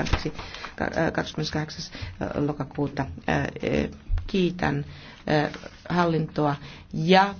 anteeksi, 28. Äh, äh, lokakuuta. Äh, kiitän hallintoa ja